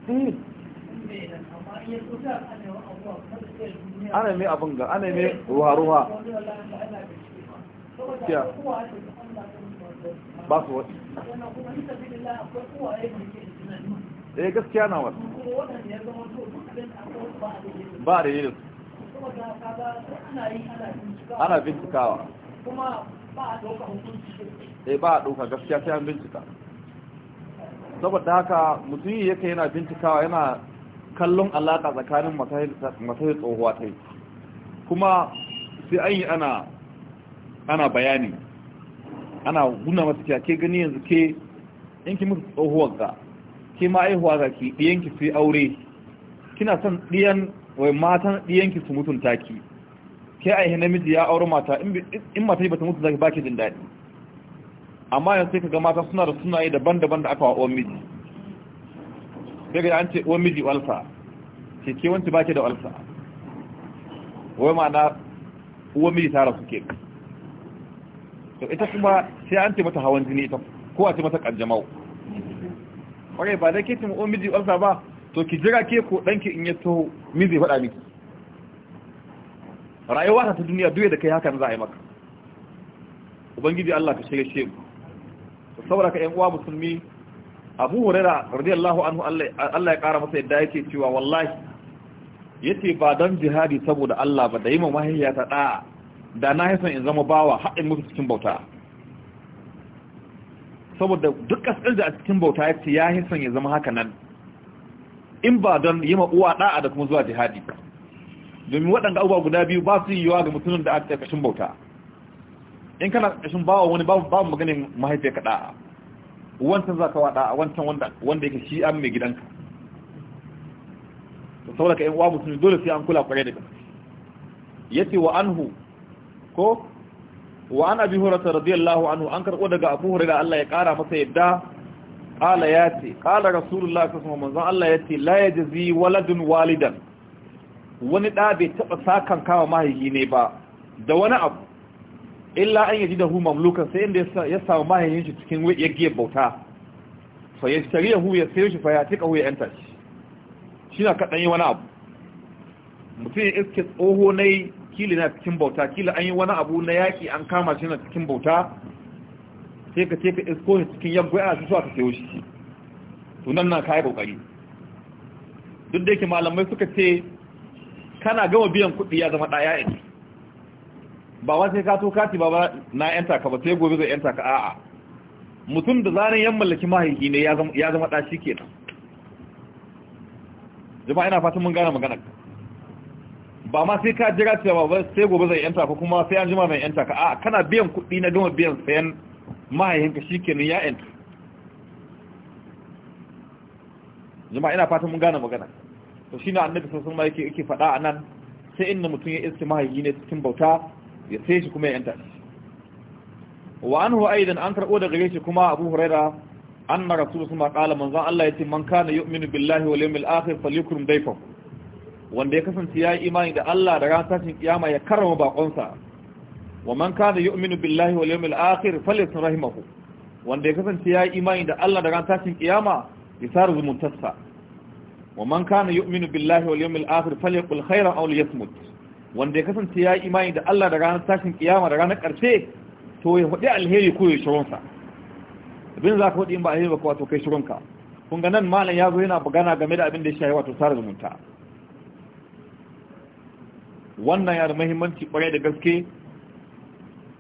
hmm. ana mai abin ga ana mai ruwa-ruwa kiya ba su wasu eh gaskiya na wasu ba da yin ana bincikawa eh ba a ɗauka gaskiya sai an bincika saboda haka mutum yake yana bincikawa yana kallon alaƙa tsakanin matsayin tsohuwa ta yi kuma sai an yi ana ana bayani ana guna masu cewa ke gani yanzu ke In ki musu tsohuwar ga ke ma aihuwa ga ki ɗiyanki sai aure kina son ɗiyan wai matan ki su mutunta ki ke aihe namiji ya aure mata in mata ba ta mutunta ki ba ki jin daɗi amma yanzu sai ka ga mata suna da sunaye daban-daban da aka wa uwan miji daga an ce uwan miji walsa ke ke wanci ba ki da walsa wai ma'ana uwan miji ta rasu ke to ita kuma sai an taimata hawan jini ita kowa a ce mata kanjamau kwarai ba dai ke ce ma'o miji ƙwarsa ba to ki jira ke ko ɗanki in yato taho min zai faɗa miki rayuwa ta ta duniya duwe da kai hakan za a yi maka ubangiji Allah ka shirye shi mu saboda ka yan uwa musulmi Abu Huraira radiyallahu anhu Allah ya ƙara masa yadda yake cewa wallahi yace ba dan jihadi saboda Allah ba da yi mahaiyata da da na hisan in zama bawa haɗin musu cikin bauta saboda duk ƙasar da a cikin bauta ya ce ya hisan ya zama haka nan in ba don yi uwa ɗa'a da kuma zuwa jihadi domin waɗanda abubuwa guda biyu ba su yi yiwuwa ga mutumin da aka ƙashin bauta in kana ƙarƙashin bawa wani babu maganin ka ɗa'a wancan za ka wa ɗa'a wancan wanda yake shi an mai gidanka saboda ka yan uwa mutumin dole sai an kula kwarai da gaske yace wa anhu ko wa an abi hurata radiyallahu anhu an karbo daga abu hurata Allah ya kara masa yadda qala ya qala rasulullah ta Allah ya ce la yajzi waladun walidan wani da bai taba sakan kawa mahaihi ne ba da wani abu illa an yaji da hu mamlukan sai inda ya samu mahaihin shi cikin ya giya bauta fa ya hu ya sayo shi fa ya tika hu ya shi shi na kaɗan yi wani abu mutum ya iske tsoho kila na cikin bauta kila an yi wani abu na yaki an kama shi na cikin bauta sai ka ce ka isko ne cikin yamgwai ana su ta sayo shi tunan na kayi kokari duk da yake malamai suka ce kana gama biyan kuɗi ya zama ɗaya ne ba wa sai ka to kati ba na yanta ka ba sai gobe zai yanta ka a'a mutum da zanen yan mallaki mahaifi ne ya zama ɗa shi kenan jama'a ina fatan mun gane maganar ba ma sai ka jira cewa ba sai gobe zai yanta ko kuma sai an jima mai yanta ka a kana biyan kuɗi na gama biyan sayan mahaihinka shikenan ya yanta jama'a ina fatan mun gane magana to shi na annabi sallallahu ma wasallam yake yake faɗa anan sai inda mutum ya iske mahaihi ne cikin bauta ya sai shi kuma ya yanta shi wa anhu aidan an karbo daga gare shi kuma Abu Huraira anna rasulullahi sallallahu alaihi ƙala qala manzo Allah ce man kana yu'minu billahi wal yawmil akhir falyukrim dayfahu wanda ya kasance ya yi imani da Allah da ran tashin kiyama ya karama bakonsa wa man kana yu'minu billahi wal yawmil akhir falyasn rahimahu wanda ya kasance ya yi imani da Allah da ran tashin kiyama ya saru zumuntarsa wa man kana yu'minu billahi wal yawmil akhir falyaqul khairan aw liyasmut wanda ya kasance ya yi imani da Allah da ran tashin kiyama da ranar karshe to ya faɗi alheri ko ya shironsa abin za ka in ba alheri ba ko wato kai shironka kun ga nan malam ya zo yana magana game da abin da ya shahi wato sarar zumunta wannan ya da mahimmanci kwarai da gaske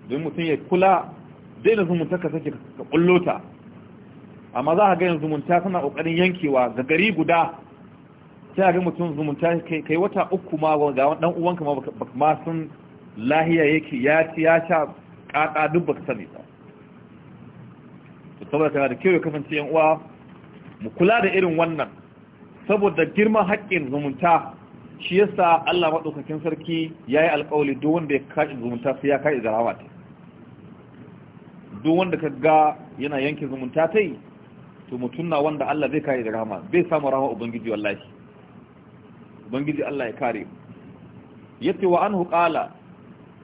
don mutum ya kula zai da zumunta ka sake ka kullota amma za a ga yanzu zumunta suna kokarin yankewa ga gari guda sai a ga mutum zumunta kai wata uku ma ga dan uwanka ma ma sun lahiya yake ya ci ya sha kaka duk baka sani ba saboda kana da kyau ya kasance yan uwa mu kula da irin wannan saboda girman haƙƙin zumunta shi yasa Allah maɗaukakin sarki ya yi alƙawali duk wanda ya kashi zumunta sai ya kashi zarawa ta duk wanda ka ga yana yanke zumunta ta yi to mutum na wanda Allah zai kashi rahama zai samu rahama ubangiji wallahi ubangiji Allah ya kare yace wa anhu qala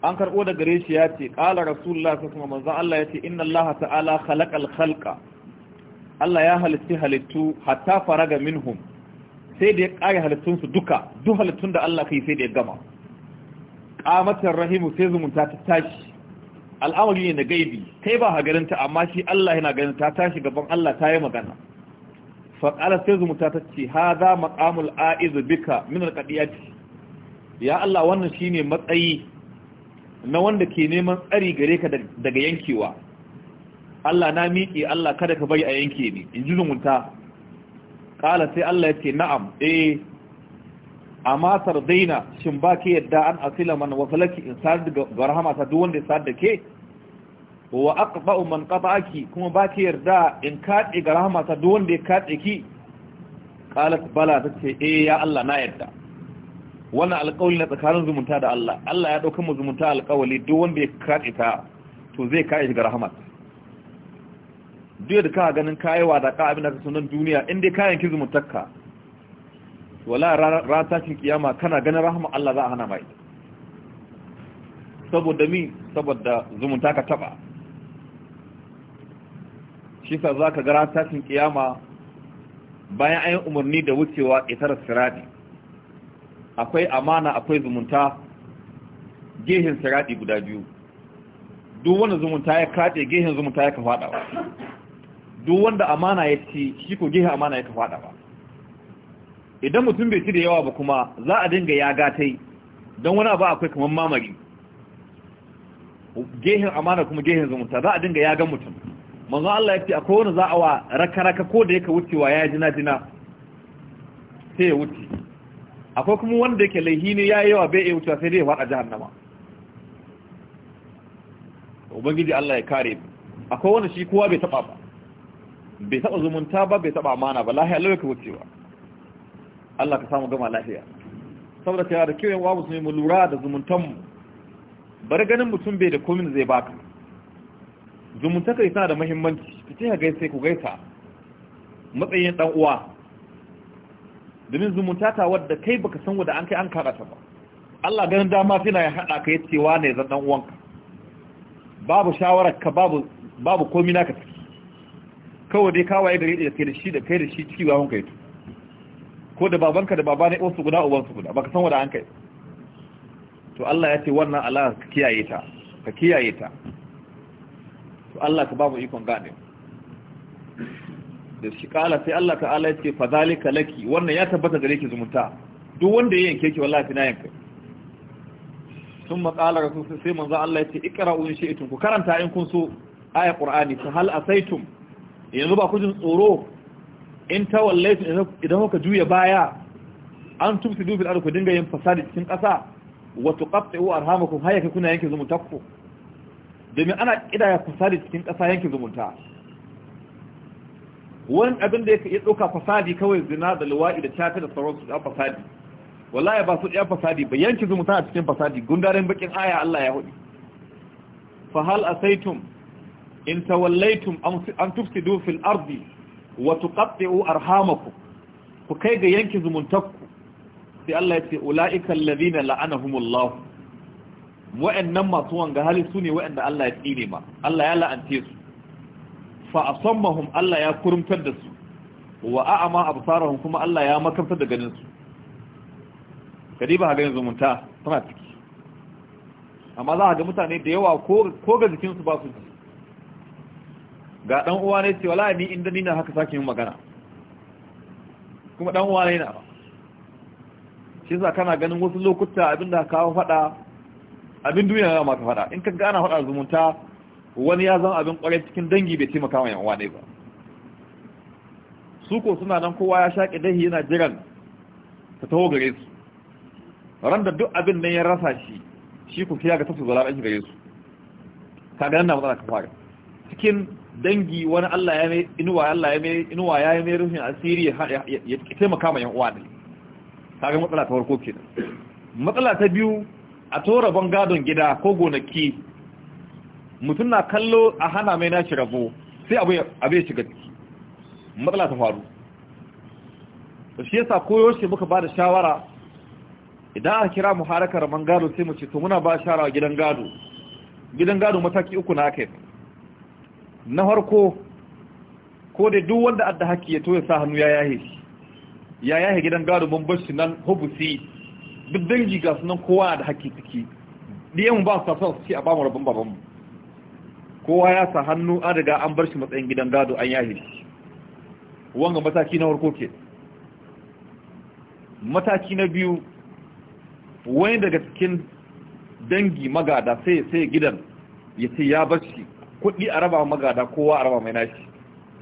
an karbo da gare shi yace qala rasulullah sallallahu alaihi wasallam Allah yace inna Allah ta'ala khalaqal khalqa Allah ya halitti halittu hatta faraga minhum sai da ya ƙare halittunsu duka duk halittun da Allah kai sai da ya gama ƙamatar rahimu sai zumunta ta tashi al'amari ne na gaibi kai ba ha garinta amma shi Allah yana ganin ta tashi gaban Allah ta yi magana faƙala sai zumunta ta ce ha za maƙamul a'izu bika min ce. ya Allah wannan shine matsayi na wanda ke neman tsari gare ka daga yankewa Allah na miƙe Allah kada ka bari a yanke ni in ji zumunta kala sai Allah ya ce na'am eh a matar daina shin ba ke yadda an asila man wasalaki in sa da rahama ta duk wanda ya sa da ke wa aqba'u man qata'aki kuma ba ke yarda in kaɗe ga rahama ta duk wanda ya kaɗe ki qalat bala tace eh ya Allah na yarda wannan alƙawari na tsakanin zumunta da Allah Allah ya dauka mu zumunta alƙawli duk wanda ya kaɗe ta to zai kaɗe ga rahama ta duk da ka ganin kayi wadaka abin da ka sunan duniya inda kayan kizu mutakka wala rata cin kiyama kana ganin rahama Allah za a hana mai saboda mi saboda zumunta ka taba shi sa za ka gara cin kiyama bayan an yi umarni da wucewa itar siradi akwai amana akwai zumunta gehen siradi guda biyu duk wani zumunta ya kaɗe gehen zumunta ya ka faɗawa duk wanda amana ya ci shi ko gehe amana ya ka fada ba idan mutum bai ci da yawa ba kuma za a dinga ya gatai don wani abu akwai kamar mamari gehen amana kuma gehen zumunta za a dinga ya ga mutum manzo Allah ya ce akwai wani za a wa raka-raka ko da yake wucewa ya jina-jina sai ya wuce akwai kuma wanda yake laihi ne ya yi yawa bai iya wucewa sai dai ya faɗa jahannama ubangiji Allah ya kare akwai wani shi kowa bai taɓa ba bai taɓa zumunta ba bai taɓa amana ba lahiya lauya ka wucewa Allah ka samu gama lahiya saboda cewa da kiran wa musulmi mu lura da zumuntanmu bari ganin mutum bai da komin zai baka Zumunta kai tana da muhimmanci ka ce ka gaisa ku gaisa matsayin dan uwa domin zumunta ta wadda kai baka san wanda an kai an karata ba Allah ganin dama fina ya hada ka yace wa ne zan dan uwanka babu shawara ka babu babu komai naka ciki kawai dai kawai gari da kai da shi da kai da shi ciwa hun kai ko da babanka da baba ne wasu guda uban su guda baka san wanda an kai to Allah ya ce wannan Allah ka kiyaye ta ka kiyaye ta to Allah ka ba mu ikon gane da shi kala sai Allah ta'ala ya ce ka laki wannan ya tabbata gare ki zumunta duk wanda ya yanke ki wallahi na yanka sun maƙalar sun sai manzo Allah ya ce iqra'u in shi'tum ku karanta in kun so aya qur'ani fa hal asaitum yanzu ba ku jin tsoro in tawallaitu idan kuka juya baya an tumsi dufil ardi dinga yin fasadi cikin ƙasa wato wa tuqatti'u arhamakum hayya kai kuna yanke zumunta zumuntakku domin ana ƙidaya fasadi cikin ƙasa yanke zumunta wani abin da ya ɗauka fasadi kawai zina da luwa'i da cata da sauran su ɗan fasadi wallahi ba su ɗan fasadi ba yanke zumunta a cikin fasadi gundaren bakin aya Allah ya hudu fa hal asaitum in tawallaitum an tufsidu fil ardi wa tuqatti'u arhamakum ku kai ga yanki zumuntakku sai Allah ya ce ulaika alladhina la'anahumullah wa'annan masu wanga hali sune wa'anda Allah ya tsine ma Allah ya la'ante su fa asammahum Allah ya kurumtar da su wa a'ama absarahum kuma Allah ya makamtar da ganin su kadiba ba ganin zumunta tana ciki amma za a ga mutane da yawa ko ga jikinsu ba su ji. ga dan uwa ne ce wallahi ni inda ni na haka sake yin magana kuma dan uwa ne na ba shi yasa kana ganin wasu lokuta abinda kawo fada abin duniya ya maka fada in ka gana fada zumunta wani ya zama abin kwarai cikin dangi bai taimaka wa yan uwa ba su ko suna nan kowa ya shaƙi dahi yana jiran ta taho gare su ran da duk abin nan ya rasa shi shi ku fiya ga tafi zalaran shi gare su ka ganin na matsala ka fara cikin dangi wani Allah ya mai inuwa Allah ya mai inuwa ya mai rufin asiri ya taimaka ma yan uwa ne kaga matsala ta farko kenan matsala ta biyu a tora bangadon gida ko gonaki mutum na kallo a hana mai nashi rabo sai abu abu ya shiga ciki matsala ta faru to shi yasa koyo shi muka bada shawara idan aka kira mu harakar bangado sai mu ce to muna ba shawara gidan gado gidan gado mataki uku na kai na farko ko da duk wanda adda haƙƙi ya toye sa hannu ya yahe shi ya yahe gidan gado shi nan hubusi duk dangi ga sunan kowa da haƙƙi ciki ɗiyan ba su tafi su a bamu rabin babanmu kowa ya sa hannu an riga an bar shi matsayin gidan gado an yahe shi wanga mataki na harko ke mataki na biyu wani daga cikin dangi magada sai sai gidan ya ce ya bar shi kuɗi a raba magada kowa a raba mai nashi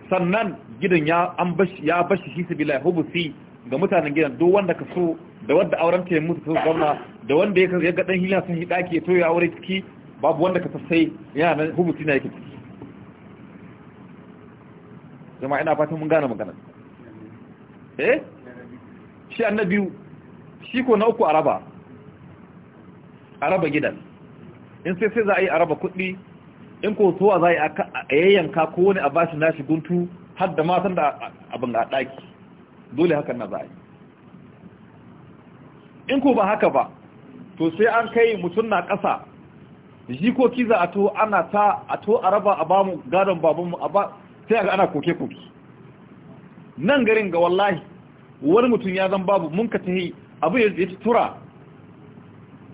sannan gidan ya an bashi ya bashi shi sabila hubusi ga mutanen gidan duk wanda ka so da wanda auren ta mutu so gwamna da wanda ya ga dan hila sun to ya aure ciki babu wanda ka sai yana nan hubusi na yake ciki jama'a ina fatan mun gane magana eh shi annabi shi ko na uku araba araba gidan in sai sai za a yi araba kuɗi in ko towa za a yayyanka ko wani a bashi nashi guntu har da matan da abin a ɗaki dole hakan na za a yi in ko ba haka ba to sai an kai mutum na ƙasa jikoki za a to ana ta a to a raba a bamu gadon babanmu a ba sai ana koke-koke nan garin ga wallahi wani mutum ya zan babu mun ka tahi abu ya tura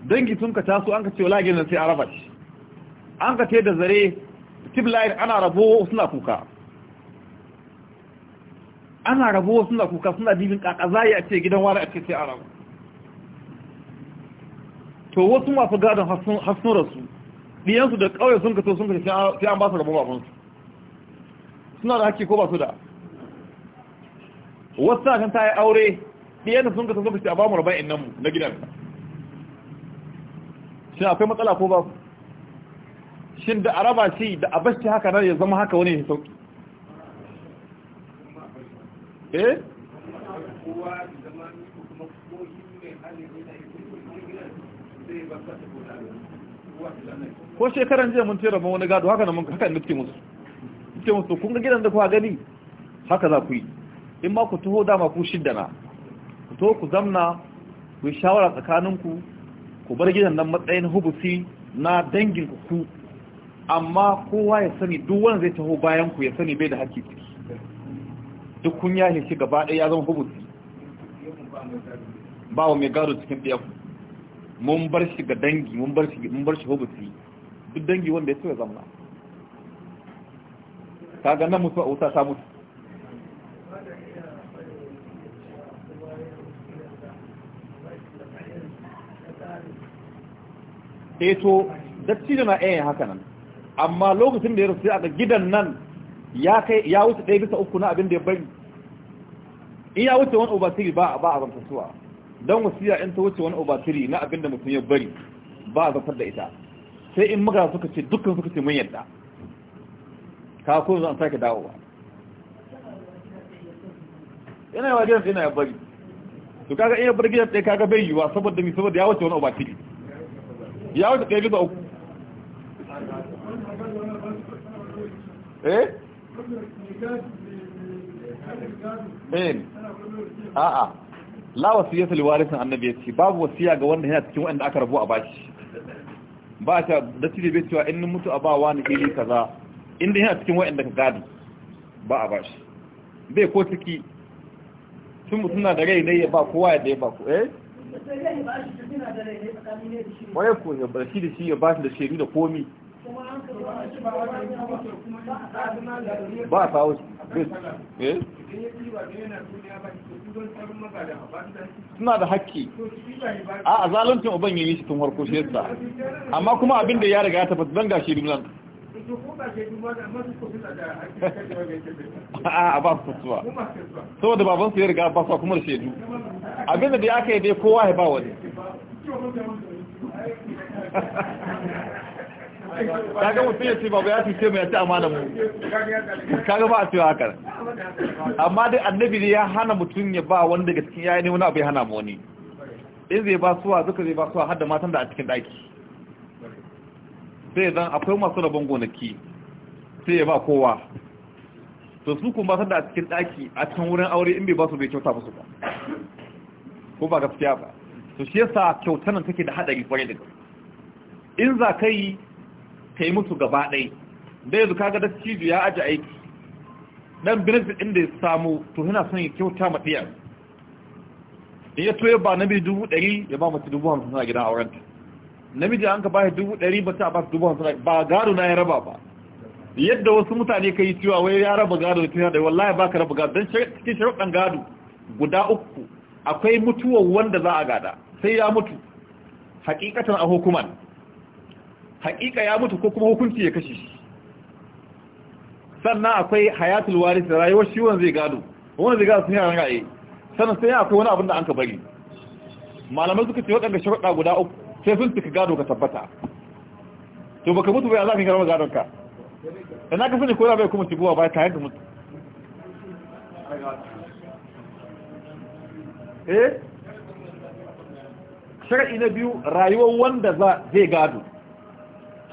dangi sun ka taso an ka ce wala gina sai a raba shi an ka da zare tiblayin ana rabo suna kuka ana rabo suna kuka suna dibin kakazayi a ce gidan wani a ce sai arabu to wasu masu gadon hasnun rasu ɗiyansu da ƙauye sun kato sun kace sai an ba su rabon babansu suna da haƙƙi ko ba su da wasu na ta yi aure ɗiyansu sun kato sun kace a ba mu rabai innan mu na gidan shi akwai matsala ko ba su shin da araba shi da abashi haka nan ya zama haka wani ya sauki eh? ko shekaran jiya mun tera wani gado haka nan haka ke musu ke musu kun ga gidan da kuka gani haka za ku yi in ma ku taho dama ku shidda na ku taho ku zamna ku yi shawara tsakaninku ku bar gidan nan matsayin hubusi na dangin ku amma kowa ya sani duk wanda zai taho bayan ku ya sani bai da haƙƙi duk kun yahe shi gaba ɗaya ya zama hubuti ba wa mai gado cikin ɗaya ku mun bar shi ga dangi mun bar shi mun bar shi hubuti duk dangi wanda ya so zama ta ganin nan a wuta ta mutu eto eh dattijo na ɗaya haka nan amma lokacin da ya rasu a gidan nan ya kai ya wuce ɗaya bisa uku na abin da ya bari in ya wuce wani obatiri ba ba a zantarsuwa don wasiya in ta wuce wani obatiri na abin da mutum ya bari ba a zafar da ita sai in magana suka ce dukkan suka ce mun yadda ka kuma zan sake dawowa ina yawa gidan ina ya bari to kaga in ya bar gidan ɗaya kaga bai yiwa saboda mi saboda ya wuce wani obatiri ya wuce ɗaya bisa uku eh eh a'a la wasiyatu liwarisin annabi yace babu wasiya ga wanda yana cikin wanda aka rabu a bashi ba ta da tiri bai cewa in mutu a ba wani ili kaza inda yana cikin wanda ka gadi ba a bashi bai ko ciki tun mutum na da rai ne ya ba kowa ya da ya ba ko eh wai ko ya bashi da shi ya bashi da komi ba a fawo eh? suna da haƙƙi a a zaluncin uban yi shi tun harko shi yadda amma kuma abin da ya riga ya tafi zan gashi rimlan a ba su fasuwa saboda babansu ya riga ba su kuma da shaidu abin da ya kai dai kowa ya ba wani kaga mutum ya ce babu ya cuce mai ya ci da mu kaga ba a cewa haka amma dai annabi ne ya hana mutum ya ba wani daga cikin yayi ne wani abu ya hana mu wani in zai ba suwa zuka zai ba suwa har matan da a cikin daki sai zan akwai masu rabon gonaki sai ya ba kowa to su ku matan da a cikin daki a cikin wurin aure in bai ba su bai kyauta musu ba ko ba gaskiya ba to shi yasa kyautar nan take da hadari kwarai da gaske in za ka yi yi musu gaba ɗai da yanzu kaga da cijo ya aji aiki ɗan birnin ɗin da ya samu to yana son ya kyauta ma da ya toye ba na dubu ɗari ya ba mace dubu hamsin a gidan aurenta namiji an ka ba dubu ɗari ba ta ba dubu hamsin ba gado na ya raba ba yadda wasu mutane ka yi cewa wai ya raba gado da tuna da wallahi ba ka raba gado don cikin sharuɗan gado guda uku akwai mutuwa wanda za a gada sai ya mutu hakikatan a hukuman haƙiƙa ya mutu ko kuma hukunci ya kashe shi sannan akwai hayatul waris da rayuwar shi wanda zai gado wanda zai gado sun yana ra'ayi sannan sai akwai wani abin da an ka bari malamai suka ce waɗanda sharuɗa guda uku sai sun tuka gado ka tabbata to baka mutu bai za ka yi gadon ka da na kasance sani ko bai kuma shigowa bai kayan ka mutu eh na biyu rayuwar wanda zai gado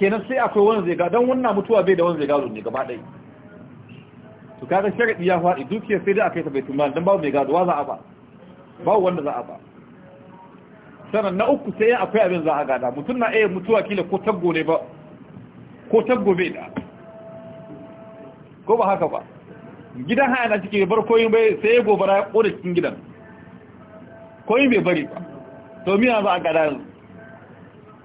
kenan sai akwai wani zai gado don wannan mutuwa bai da wani zai gado ne gaba ɗai to kaga sharaɗi ya faɗi dukiyar sai dai akai ta bai tumani don babu mai gado wa za a ba babu wanda za a ba sannan na uku sai akwai abin za a gada mutum na iya mutuwa kila ko taggo ne ba ko taggo bai da ko ba haka ba gidan haya na cikin bar koyin bai sai ya gobara ya ƙoda cikin gidan koyin bai bari ba to miya za a gada yanzu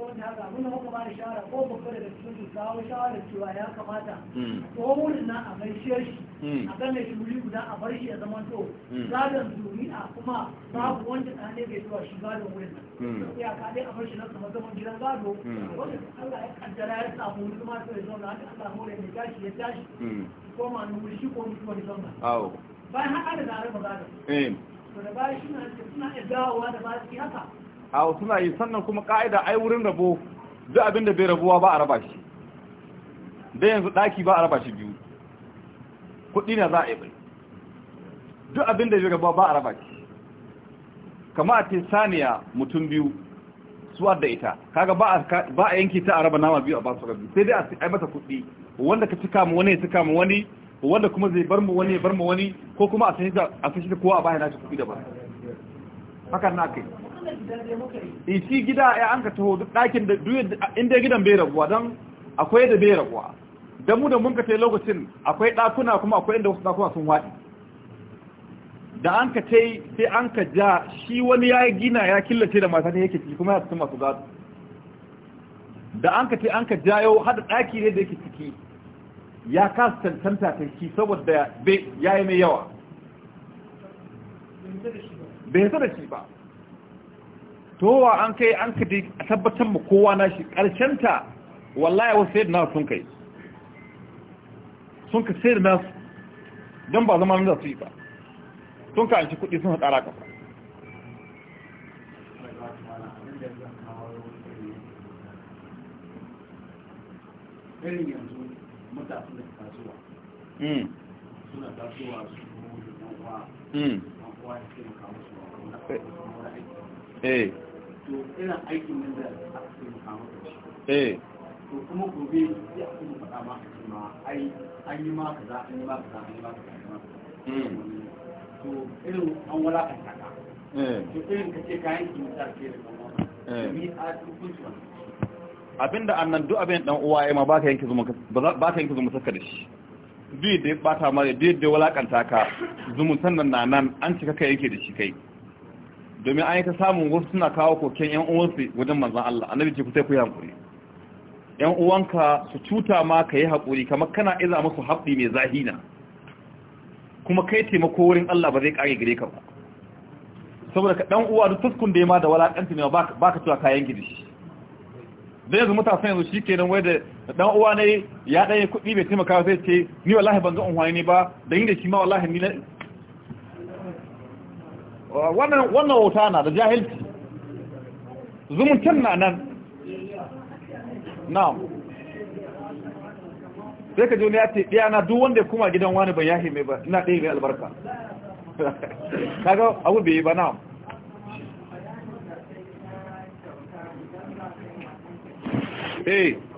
saboda haka abin da muka bani shawara ko babba daga cikin su kawo shawarar cewa ya kamata hmm. ko wurin na a gaishe shi hmm. a kan da shuri guda a bar shi ya zama to hmm. gadon zuri'a kuma babu wanda ta ne bai zuwa shi gadon wurin nan ya ka dai a bar shi na kamar zaman gidan gado wanda Allah ya kaddara ya samu wani kuma sai zauna haka samu more ya tashi ya tashi ko ma nuri shi ko mutuwa ya zauna bayan haka da zarar ba gadon to da bayan shi na suna iya dawowa da ba su haka a suna yi sannan kuma ka'ida ai wurin rabo duk abin da bai rabuwa ba a raba shi da yanzu daki ba a raba shi biyu kuɗi na za a yi duk abin da bai rabuwa ba a raba shi kama a saniya mutum biyu suwa da ita kaga ba a yanki ta a raba nama biyu a basu rabi sai dai a mata kuɗi wanda ka cika mu wani ya cika mu wani wanda kuma zai bar mu wani ya bar mu wani ko kuma a a da kowa a bayan nashi kuɗi daban hakan na kai ci eh, gida ya eh, an ka taho duk ɗakin da inda gidan bai raguwa don akwai da bai raguwa don mu da mun ka tai lokacin akwai ɗakuna kuma akwai inda wasu ɗakuna sun waɗi da an ka tai sai an ka ja shi wani ya gina ya killace da mata ne yake ciki kuma ya cikin masu gado da an ka tai an ka ja yau hada ɗaki ne da yake ciki ya kasa cancanta ta shi saboda ya yi mai yawa bai yasa da shi ba towa an kai an a tabbatar mu kowa na shi ƙarshenta wallahi wasu sayar na sun kai sun ka sai da nasu don ba zama nuna su yi ba sun ka anci kuɗi sun haɗara ƙasa. Hey. Hmm. Hmm. Eh. to irin aikin nan da aka taimaka maka eh to kuma gobe sai a kuma faɗa maka cewa ai an yi ma maka za a yi maka za an yi maka za an yi maka hmm. to irin an walakanta ka eh. to irin ka ce kayan kimiyya ke da kama da eh. ni a cikin su abinda annan duk abin dan uwa ya ma baka yanke zuma baka yanke zuma saka da shi duk da ya bata mare duk da ya walakanta ka zumun sannan na nan an cika ka yanke da shi kai domin an yi ta samun wasu suna kawo koken yan uwansu wajen manzan Allah annabi ce ku sai ku yi haƙuri yan uwanka su cuta ma ka yi haƙuri kamar kana iza masu haɗi mai zahina kuma kai taimako wurin Allah ba zai ƙare gare ka ba saboda ka ɗan uwa duk tuskun da ya ma da walaƙanta ne ba ka cewa kayan gidi zai yanzu mutasa yanzu shi kenan wai da ɗan uwa ne ya ɗaya kuɗi bai taimaka sai ce ni wallahi ban ga unhwani ne ba da yin da shi ma wallahi wannan wauta na da jahilci zumuncin na nan na sai ka joni ya ce ɗaya na duk wanda kuma gidan wani bai yahi mai ba ina ɗaya mai albarka kaga abu bai yi ba na eh